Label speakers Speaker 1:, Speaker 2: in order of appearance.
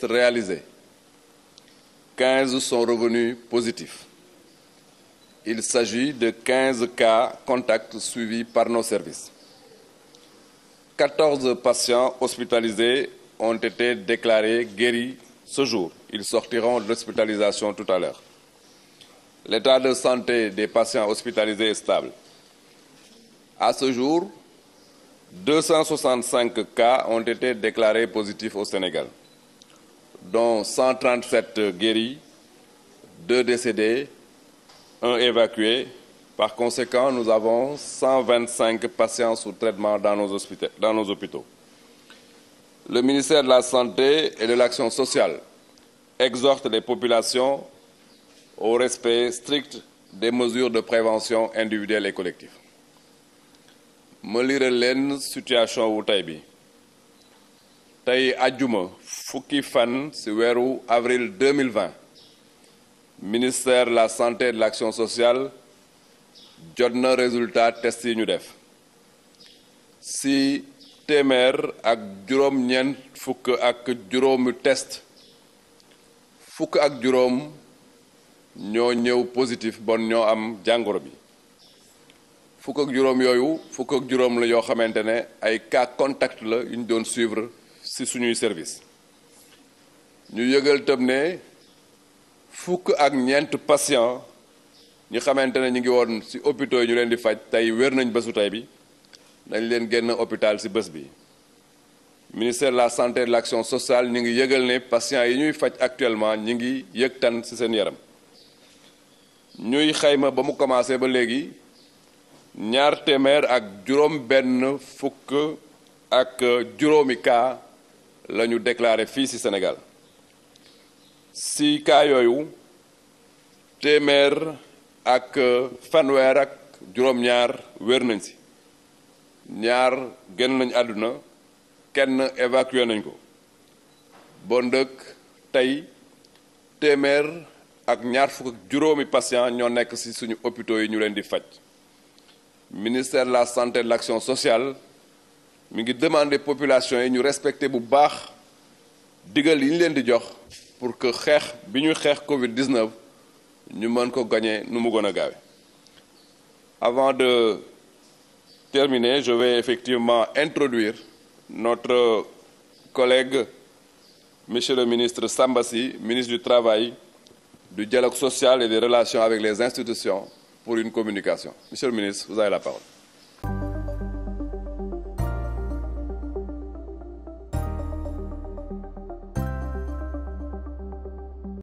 Speaker 1: tests réalisés, 15 sont revenus de 15 cas contacts par nos services. 14 patients hospitalisés ont été déclarés guéris ce jour. Ils sortiront de l'hospitalisation tout à l'heure. L'état de santé des patients hospitalisés est stable. À ce jour, 265 cas ont été déclarés positifs au Sénégal. dont 137 guéris, 2 décédés, 1 évacué. Par conséquent, nous avons 125 patients sous traitement dans nos, dans nos hôpitaux. Le ministère la Santé et de l'Action sociale exhorte au respect strict des mesures de prévention individuelle et collective ma liral leen situation wu tey bi tey àjjuma fukki fan ci weeru avril 2020 ministère de la santé et de l'action sociale jot na résultat test yi ñu def ci téeméer ak juróom-ñeent fukk ak fukk ak juróom ñoo ñëw positif bon ñoo am jàngoro bi fukk ak juróom yooyu fukk juróom la yoo xamante ne ay cas contact la yu doon suivre ci suñuy service ñu yëgal tam ne fukk ak ñeent patient ñi xamante ne ñu ngi woon ci hôpitaux yi ñu leen di faj tey wér nañ bésu tey bi nañ leen génn hôpital ci bés bi ministère la santé de l'action sociale ñu ngi yëgal ne patients yi ñuy faj actuellement ñu ngi yëg tan ci seen yaram ñuy xayma ba mu commencé ba léegi ñaar téeméer ak juróom benn fukk ak juróomi cas lañu déclare fii ci Sénégal si cas yooyu téeméer ak fanweer ak juróom-ñaar wér nañ ci ñaar génn nañ àdduna kenn évacué nañ ko bon ndëkk tey téeméer ak ñaar fukk ak juróomi patient ñoo nekk ci suñu hôpitaux yi ñu leen di faj ministère la santé de l'action sociale mi ngi demander population yi ñu respecter bu baax digal yi leen di jox pour que xeex bi ñuy xeex Covid 19 ñu mën ko gagner nu mu gën a gaawe avant de terminer je vais effectivement introduire notre collègue monsieur le ministre Samba Sy ministre du travail du dialogue social et des relations avec les institutions pour une communication monsieur le ministre vous avez la parole.